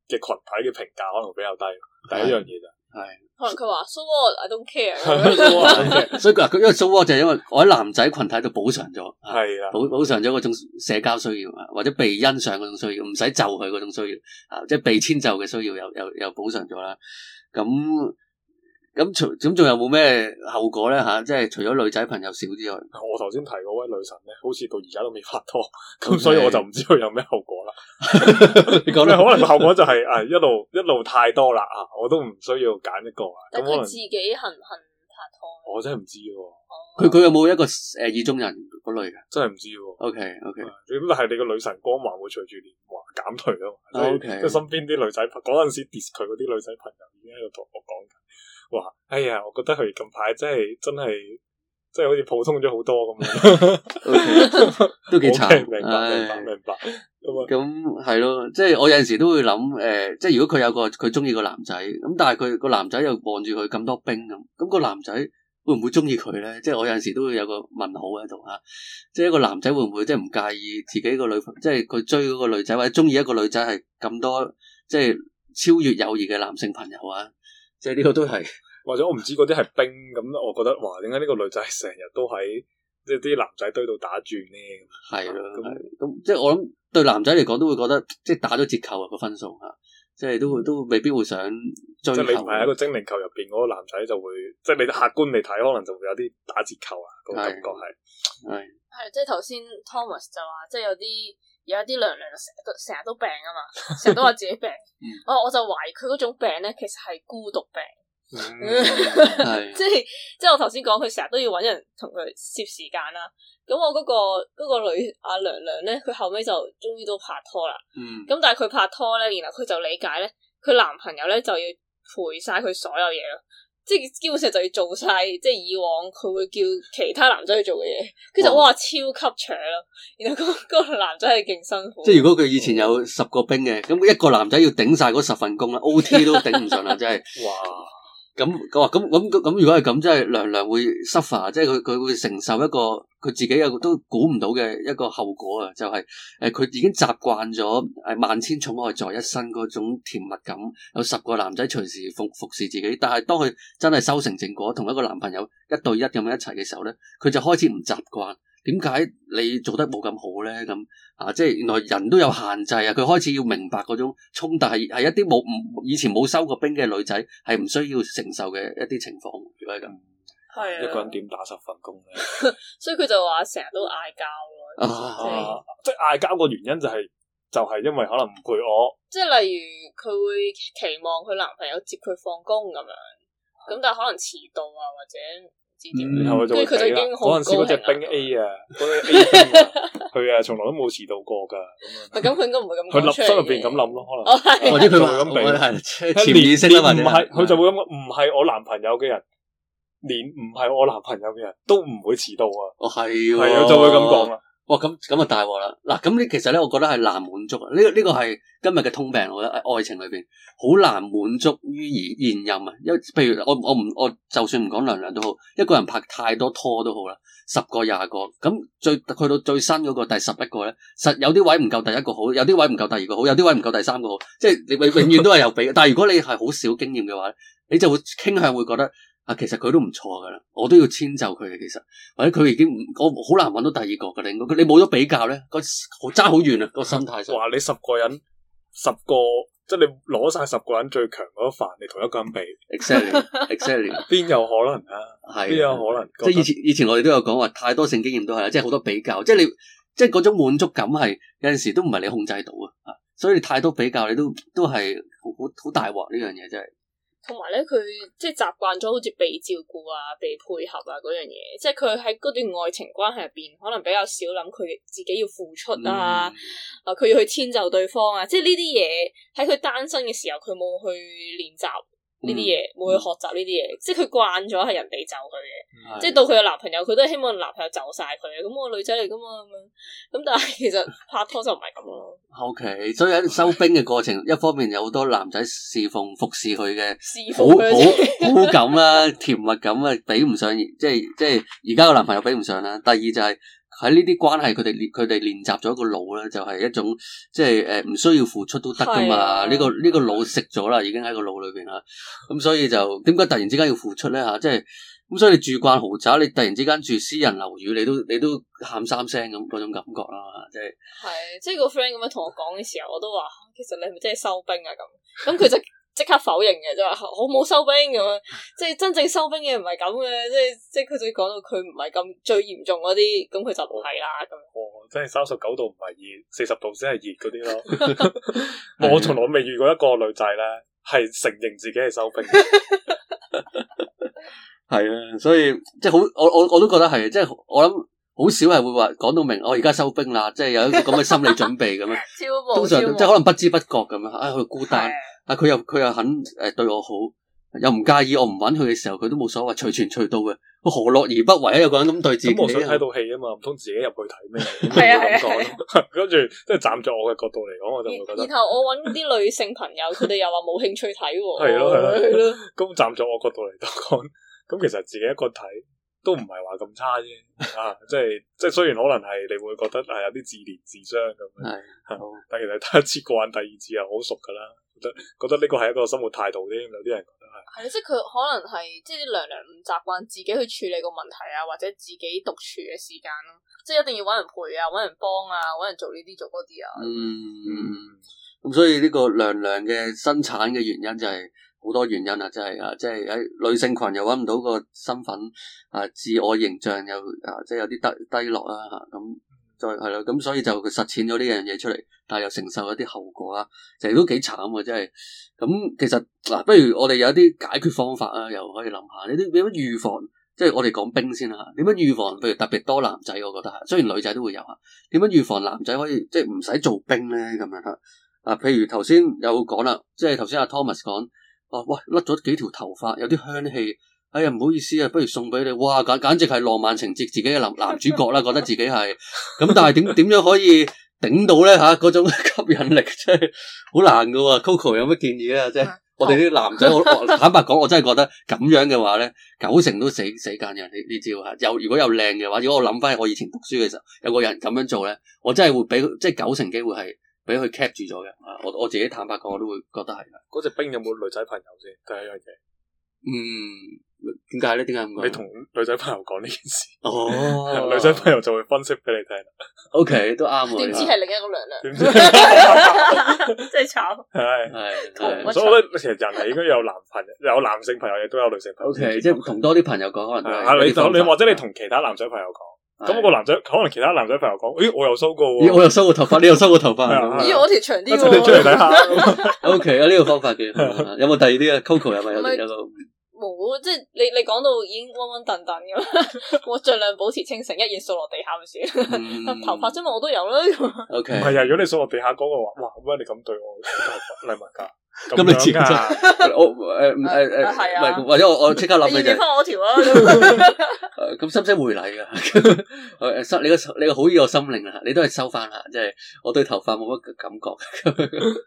嘅群體嘅評價可能比較低，的第一樣嘢就是。係，可能佢話 so what，I don't care。 所以佢，因為 so what 就因為我喺男仔群體度補償咗，係啊的，補補償咗嗰種社交需要啊，或者被欣賞嗰種需要，唔使就佢嗰種需要啊，即係被遷就嘅需要又又又補償咗啦。咁。咁除咁仲有冇咩後果咧吓、啊？即係除咗女仔朋友少之外，我頭先提嗰位女神咧，好似到而家都未拍拖，咁、okay. 所以我就唔知佢有咩後果啦。你講咯，可能後果就係、是、誒一路一路太多啦啊！我都唔需要揀一個啊。咁我自己肯唔肯拍拖？我真係唔知嘅。佢佢、啊、有冇一個誒意、呃、中人嗰類嘅？真係唔知嘅。O K O K，點都係你個女神光環會隨住年華減退啊嘛。O、okay. K，即係身邊啲女仔朋嗰陣時 dis 佢嗰啲女仔朋友已經喺度同我講緊。哇！哎呀，我覺得佢近排真係真係，即係好似普通咗好多咁，都幾慘，明白，明白，明白咁啊！咁係咯，即係、那個、我有陣時都會諗誒，即係如果佢有個佢中意個男仔，咁但係佢個男仔又望住佢咁多兵咁，咁個男仔會唔會中意佢咧？即係我有陣時都會有個問號喺度啊！即係一個男仔會唔會即係唔介意自己個女，即係佢追嗰個女仔或者中意一個女仔係咁多，即係超越友誼嘅男性朋友啊？即係呢個都係，或者我唔知嗰啲係兵咁， 我覺得哇，點解呢個女仔成日都喺即係啲男仔堆度打轉呢？係咯的，咁咁、啊、即係我諗對男仔嚟講都會覺得即係打咗折扣啊、個分數嚇，即係都會都未必會想即係你唔係喺個精靈球入邊，嗰、個男仔就會即係你客觀嚟睇，可能就會有啲打折扣啊、個感覺係係係即係頭先 Thomas 就話即係有啲。有一啲娘娘成日都成日都病啊嘛，成日都話自己病，我 我就懷疑佢嗰種病咧，其實係孤獨病，即係即係我頭先講佢成日都要搵人同佢攝時間啦。咁我嗰、嗰個、嗰個女阿娘娘咧，佢後尾就終於都拍拖啦。咁 但係佢拍拖咧，然後佢就理解咧，佢男朋友咧就要陪晒佢所有嘢咯。即係基本上就要做晒，即係以往佢會叫其他男仔去做嘅嘢。其實哇，哇超級扯咯。然後嗰嗰個男仔係勁辛苦。即係如果佢以前有十個兵嘅，咁一個男仔要頂晒嗰十份工啦，OT 都頂唔上啦， 真係。哇咁咁咁咁咁，如果係咁，即係娘娘會 suffer，即係佢佢會承受一個佢自己有都估唔到嘅一個後果啊！就係誒，佢已經習慣咗誒萬千寵愛在一身嗰種甜蜜感，有十個男仔隨時服服侍自己。但係當佢真係修成正果，同一個男朋友一對一咁樣一齊嘅時候咧，佢就開始唔習慣。點解你做得冇咁好咧？咁啊，即係原來人都有限制啊！佢開始要明白嗰種衝突係係一啲冇唔以前冇收過兵嘅女仔係唔需要承受嘅一啲情況，如果係咁，係、啊、一個人點打十份工咧？ 所以佢就話成日都嗌交咯，即係嗌交個原因就係、是、就係、是、因為可能唔陪我，即係例如佢會期望佢男朋友接佢放工咁樣，咁的但係可能遲到啊或者。然後佢就睇啦。嗰陣時嗰隻兵 A 啊，嗰隻 A 兵啊，佢啊從來都冇遲到過噶。唔係咁，佢應該唔會咁。佢諗心入邊咁諗咯，可能或者佢會咁比。潛意識啦，或者唔係，佢就會咁講。唔係我男朋友嘅人，連唔係我男朋友嘅人都唔會遲到啊。哦係，係啊，就會咁講啊。哇，咁咁、哦、啊大鑊啦！嗱，咁呢，其實咧，我覺得係難滿足啊！呢個呢個係今日嘅通病，我覺得愛情裏邊好難滿足於現任啊！因為譬如我我唔我就算唔講娘娘都好，一個人拍太多拖都好啦，十個廿個咁最去到最新嗰個第十一個咧，實有啲位唔夠第一個好，有啲位唔夠第二個好，有啲位唔夠第三個好，即係你永永遠都係有比。 但係如果你係好少經驗嘅話咧，你就會傾向會覺得。啊，其實佢都唔錯噶啦，我都要遷就佢嘅。其實或者佢已經唔，我好難揾到第二個噶。你你冇咗比較咧，個差好遠啊。個十心態，話你十個人，十個即係你攞晒十個人最強嗰一份，你同一個人比 exactly，exactly，邊有可能啊？邊 的有可能？即係以前以前我哋都有講話，太多性經驗都係啦，即係好多比較，即係你即係嗰種滿足感係有陣時都唔係你控制到啊。所以你太多比較，你都都係好好好大鑊，呢樣嘢真係。同埋咧，佢即係習慣咗好似被照顧啊、被配合啊嗰樣嘢，即係佢喺嗰段愛情關係入邊，可能比較少諗佢自己要付出啊，嗯、啊，佢要去遷就對方啊，即係呢啲嘢喺佢單身嘅時候，佢冇去練習。呢啲嘢冇去學習呢啲嘢，嗯、即係佢慣咗係人哋就佢嘅，是即係到佢有男朋友，佢都係希望男朋友就晒佢嘅。咁我女仔嚟㗎嘛，咁，咁但係其實拍拖就唔係咁咯。O、okay, K，所以喺收兵嘅過程，一方面有好多男仔侍奉服侍佢嘅， 好好好感啦、啊，甜蜜感啊，比唔上，即係即係而家嘅男朋友比唔上啦。第二就係、是。喺呢啲關係，佢哋練佢哋練習咗個腦咧，就係、是、一種即係誒，唔、呃、需要付出都得噶嘛。呢的、這個呢、這個腦食咗啦，已經喺個腦裏邊啦。咁、嗯、所以就點解突然之間要付出咧？吓、啊，即係咁、嗯。所以你住慣豪宅，你突然之間住私人樓宇，你都你都喊三聲咁嗰種感覺啦、啊就是，即係。係即係個 friend 咁樣同我講嘅時候，我都話：其實你係咪真係收兵啊？咁咁佢就…… 即刻否認嘅，就話好冇收兵咁樣，即係真正收兵嘅唔係咁嘅，即係即係佢就講到佢唔係咁最嚴重嗰啲，咁佢就冇係啦。咁哦，即係三十九度唔係熱，四十度先係熱嗰啲咯。我從來未遇過一個女仔咧，係承認自己係收兵。係啊，所以即係好，我我我都覺得係，即係我諗好少係會話講到明，我而家收兵啦，即係有一個咁嘅心理準備咁樣。通常即係可能不知不覺咁樣，啊，佢孤單。啊！佢又佢又肯誒對我好，又唔介意我唔揾佢嘅時候，佢都冇所謂，隨傳隨到嘅。何樂而不為啊，有個人咁對自己咁，我想睇套戲啊嘛，唔通自己入去睇咩？咁咪咁講，跟住即係站在我嘅角度嚟講，我就會覺得。然後我揾啲女性朋友，佢哋 又話冇興趣睇喎，啊。係咯係咯咁，站在我角度嚟講，咁，啊 嗯，其實自己一個睇都唔係話咁差啫。啊，即係即係雖然可能係你會覺得係有啲自憐自傷咁，係但其實第一次過眼第二次又好熟噶啦。覺得呢個係一個生活態度咧，有啲人覺得係係啊，即係佢可能係即係啲娘娘唔習慣自己去處理個問題啊，或者自己獨處嘅時間咯、啊，即係一定要揾人陪啊，揾人幫啊，揾人做呢啲做嗰啲啊。嗯，咁、嗯嗯、所以呢個娘娘嘅生產嘅原因就係好多原因啊，即係啊，即係喺女性群又揾唔到個身份啊，自我形象又啊，即係有啲低低落啦吓咁。再係咯，咁所以就佢實踐咗呢樣嘢出嚟，但係又承受一啲後果啊，成日都幾慘啊，真係。咁其實嗱、就是啊，不如我哋有啲解決方法啊，又可以諗下。你啲點樣預防？即、就、係、是、我哋講兵先啦，點樣預防？譬如特別多男仔，我覺得係，雖然女仔都會有吓。點樣預防男仔可以即係唔使做兵咧？咁樣吓。嗱、啊，譬如頭先有講啦，即、就、係、是、頭先阿、啊、Thomas 講，哦、啊、喂，甩咗幾條頭髮，有啲香啲氣。哎呀，唔好意思啊，不如送俾你哇！簡簡直係浪漫情節，自己嘅男男主角啦，啊，覺得自己係咁，但係點點樣可以頂到咧吓？嗰、啊、種吸引力真係好難噶喎、啊、 ！Coco 有乜建議啊？即係我哋啲男仔， 我坦白講，我真係覺得咁樣嘅話咧，九成都死死間人。你你知吓。又如果有靚嘅話，如果我諗翻我以前讀書嘅時候，有個人咁樣做咧，我真係會俾即係九成機會係俾佢 cap 住咗嘅。我我自己坦白講，我都會覺得係。嗰隻兵有冇女仔朋友先？第一樣嘢，嗯。點解咧？點解唔講？你同女仔朋友講呢件事，哦，女仔朋友就會分析俾你聽。O K，都啱。點知係另一個娘娘？真係慘。係係，所以我覺得其實人係應該有男朋，有男性朋友亦都有女性朋友。O K，即係同多啲朋友講，可能你你或者你同其他男仔朋友講，咁個男仔可能其他男仔朋友講，咦，我又收過，咦，我又收過頭髮，你又收過頭髮，咦，我條長啲，你出嚟睇下。O K，呢個方法嘅，有冇第二啲啊？Coco 有咪有有個？即係你你講到已經溫溫燉燉咁，我 盡量保持清醒，一言掃落地下咪算。嗯、頭髮啫嘛，我都有啦。O K，係啊，如果你掃落地下講嘅話，哇，點解你咁對我？禮物㗎咁你即刻我誒誒誒，係啊，或者我我即刻攞你哋分我條啊。咁使唔使回禮噶？收、啊啊 啊啊啊 啊、你個你個好意我心領啦，你都係收翻啦。即、啊、係、啊、 對我對頭髮冇乜感覺。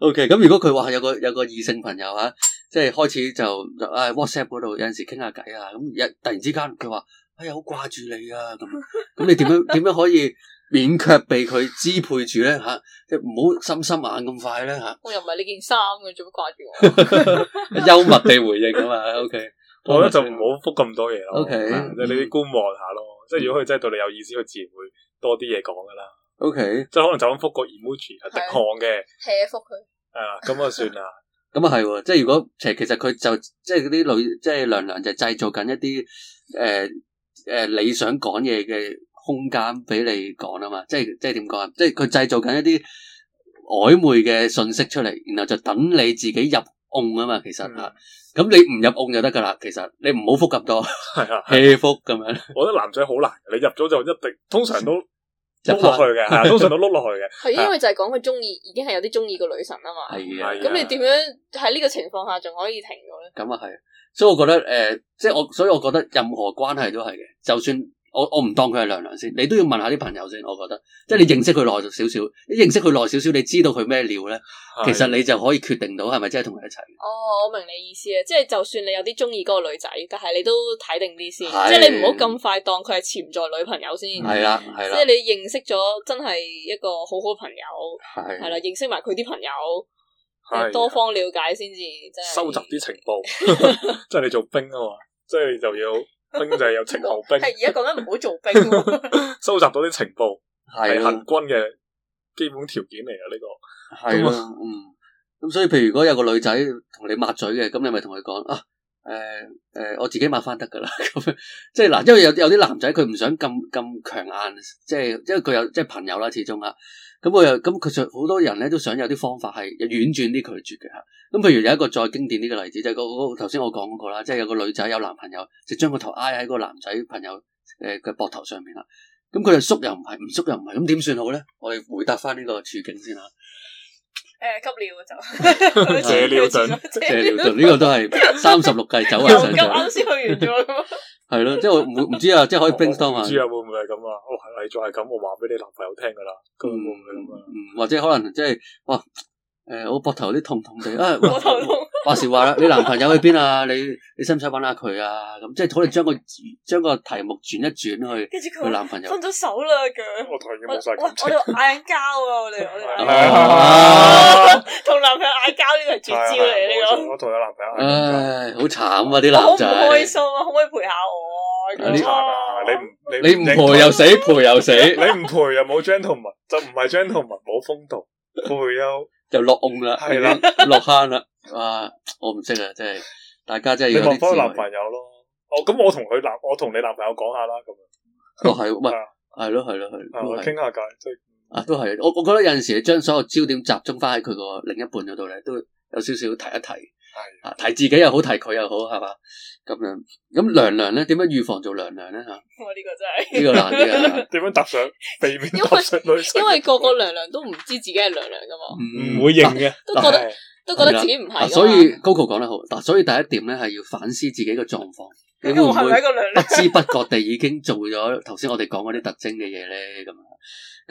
O K，咁如果佢話有個有個異性朋友啊？即係開始就誒 WhatsApp 嗰度有陣時傾下偈啊咁，突然之間佢話哎呀好掛住你啊咁，咁你點樣點 樣可以勉強被佢支配住咧吓？即係唔好心心眼咁快咧吓。我又唔係呢件衫嘅，做乜掛住我？ 幽默地回應啊嘛，OK，我覺得就唔好覆咁多嘢囉。OK，你觀望下咯。即係如果佢真係對你有意思，佢自然會多啲嘢講噶啦。OK，即係可能就咁覆個 emoji，係的確嘅。且覆佢。係啊，咁啊算啦。咁啊係，即係如果其實其實佢就即係嗰啲女即係娘娘就製造緊一啲誒誒你想講嘢嘅空間俾你講啊嘛，即係即係點講啊，即係佢製造緊一啲曖昧嘅信息出嚟，然後就等你自己入瓮啊嘛，其實、嗯、啊，咁你唔入瓮就得噶啦。其實你唔好覆咁多，係啊，棄覆咁樣。我覺得男仔好難，你入咗就一定通常都。 碌落去嘅，通常 都碌落去嘅。係 因為就係講佢中意，已經係有啲中意個女神啊嘛。係啊。咁你點樣喺呢個情況下仲可以停咗咧？咁啊係、啊。所以我覺得誒、呃，即係我，所以我覺得任何關係都係嘅，就算。我我唔當佢係娘娘先，你都要問下啲朋友先，我覺得，即係你認識佢耐少少，你認識佢耐少少，你知道佢咩料咧，是其實你就可以決定到係咪真係同佢一齊。哦，我明你意思啊，即係就算你有啲中意嗰個女仔，但係你都睇定啲先，是即係你唔好咁快當佢係潛在女朋友先。係啦係啦，即係你認識咗真係一個好好朋友，係啦的，的認識埋佢啲朋友，的多方了解先至，即係收集啲情報，即係 你做兵啊嘛，即係就要。兵就係有情報兵，係而家講緊唔好做兵。收集到啲情報係行軍嘅基本條件嚟，這個，啊！呢個係，嗯，咁所以譬如如果有個女仔同你抹嘴嘅，咁你咪同佢講啊，誒、呃、誒、呃，我自己抹翻得噶啦。咁即係嗱，因為有有啲男仔佢唔想咁咁強硬，即係因為佢有即係朋友啦，始終啦。咁我又咁，其實好多人咧都想有啲方法係婉轉啲拒絕嘅吓。咁譬如有一個再經典啲嘅例子，就係嗰個頭先我講嗰個啦，即係有個女仔有男朋友，就將個頭挨喺個男仔朋友誒嘅膊頭上面啦。咁佢哋縮又唔係，唔縮又唔係，咁點算好咧？我哋回答翻呢個處境先啦。誒，急尿就謝尿盡，謝尿盡呢個都係三十六計走為上。啱先去完咗。係咯，即係 子、就是、我唔知啊，即係可以冰 s 啊，唔知啊會唔會係咁啊？哦係，再係咁我話俾你男朋友聽噶啦，咁會唔會咁啊？或者可能即係哇。誒，我膊頭有啲痛痛地啊！膊痛，話時話啦，你男朋友喺邊啊？你你使唔使揾下佢啊？咁即係可能將個將個題目轉一轉去，跟住佢男朋友分咗手啦，佢我同已冇晒，我我喺度嗌交啊！我哋我哋同男朋友嗌交呢個係絕招嚟，呢個我同我男朋友唉，好慘啊！啲男仔好唔開心啊！可唔可以陪下我？你唔你唔陪又死，陪又死，你唔陪又冇 gentleman，就唔係 gentleman 冇風度，陪又。就落空啦，是的 落坑啦，哇！我唔識啊，即係大家即係要幫你男，你男朋友咯， 哦，咁我同佢男，我同你男朋友講下啦，咁樣。哦，係，喂，係咯，係咯，係。我傾下偈，即係。啊，都係，我我覺得有陣時將所有焦點集中翻喺佢個另一半嗰度咧，都有少少提一提。係啊，提自己又好，提佢又好，係嘛？咁樣咁娘娘咧，點樣預防做娘娘咧吓？我呢個真係呢 個難啲啊！ 點樣踏上避免踏上因為，因為個個娘娘都唔知自己係娘娘噶嘛，嗯，唔會認嘅，都覺得都覺得自己唔係了、啊。所以 Gogo 講得好嗱，所以第一點咧係要反思自己嘅狀況，個娘娘你會唔會不知不覺地已經做咗頭先我哋講嗰啲特徵嘅嘢咧？咁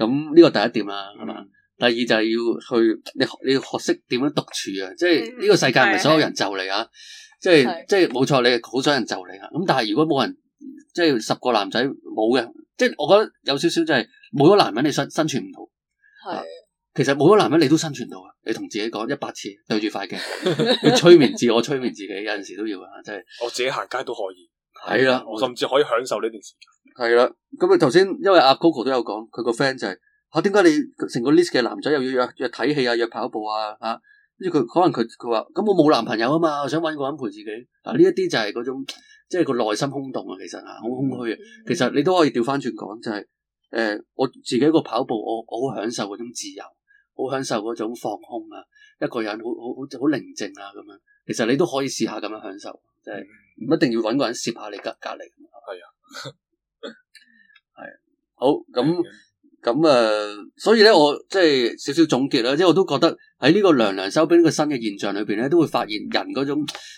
咁呢個第一點啦，係嘛？第二就係要去，你你要學識點樣獨處啊！即係呢個世界唔係所有人就你啊，即係即係冇錯，你好多人就你啊。咁但係如果冇人，即係十個男仔冇嘅，即係我覺得有少少就係冇咗男人你生生存唔到。係，其實冇咗男人你都生存到啊！你同自己講一百次，對住塊鏡，你催眠自我催眠自己，有陣時都要啊！即係我自己行街都可以，係啦，甚至可以享受呢段時間。係啦，咁你頭先因為阿 Coco 都有講，佢個 friend 就係。吓，點解、啊、你成個 list 嘅男仔又要約約睇戲啊，約跑步啊，吓、啊？跟住佢可能佢佢話咁我冇男朋友啊嘛，我想揾個人陪自己。嗱、啊，呢一啲就係嗰種，即係個內心空洞啊，其實啊，好空虛啊。其實你都可以調返轉講，就係、是、誒、呃，我自己一個跑步，我我好享受嗰種自由，好享受嗰種放空啊，一個人好好好好寧靜啊咁樣。其實你都可以試下咁樣享受，就係、是、唔一定要揾個人攝下你隔隔籬。係啊，係好咁。咁誒、嗯，所以咧，我即係少少總結啦，即係我都覺得喺呢個娘娘收兵個新嘅現象裏邊咧，都會發現人嗰種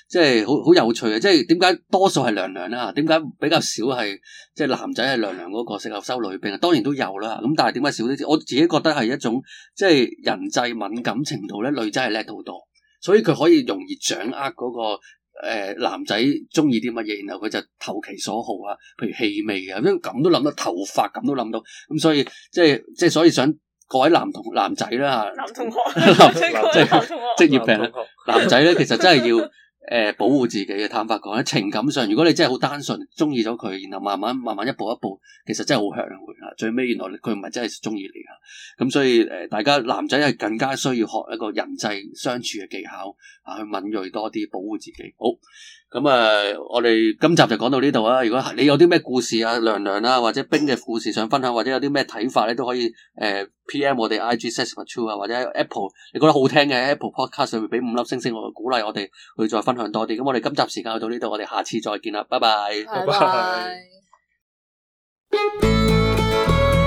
即係好好有趣啊！即係點解多數係娘娘啦？點解比較少係即係男仔係娘娘嗰個適合收女兵啊？當然都有啦，咁但係點解少啲？我自己覺得係一種即係人際敏感程度咧，女仔係叻好多，所以佢可以容易掌握嗰、嗰個。誒，男仔中意啲乜嘢？然後佢就投其所好啊，譬如氣味啊，咁都諗到頭髮，咁都諗到，咁所以即係即係，所以想各位男同男仔啦吓，男同學， 男仔，男，職 業病，男仔咧，其實真係要。 誒、呃、保護自己嘅坦白講喺情感上，如果你真係好單純，中意咗佢，然後慢慢慢慢一步一步，其實真係好香啊！最尾原來佢唔係真係中意你啊，咁所以誒，大、呃、家男仔係更加需要學一個人際相處嘅技巧啊，去敏鋭多啲，保護自己。好。咁啊、嗯，我哋今集就講到呢度啊！如果你有啲咩故事啊，娘娘啊，或者冰嘅故事想分享，或者有啲咩睇法咧，都可以誒、呃、P.M 我哋 IG seven two 啊，或者 Apple，你覺得好聽嘅 Apple Podcast 上面俾五粒星星我鼓勵我哋去再分享多啲。咁、嗯、我哋今集時間去到呢度，我哋下次再見啦，拜拜。Bye bye bye bye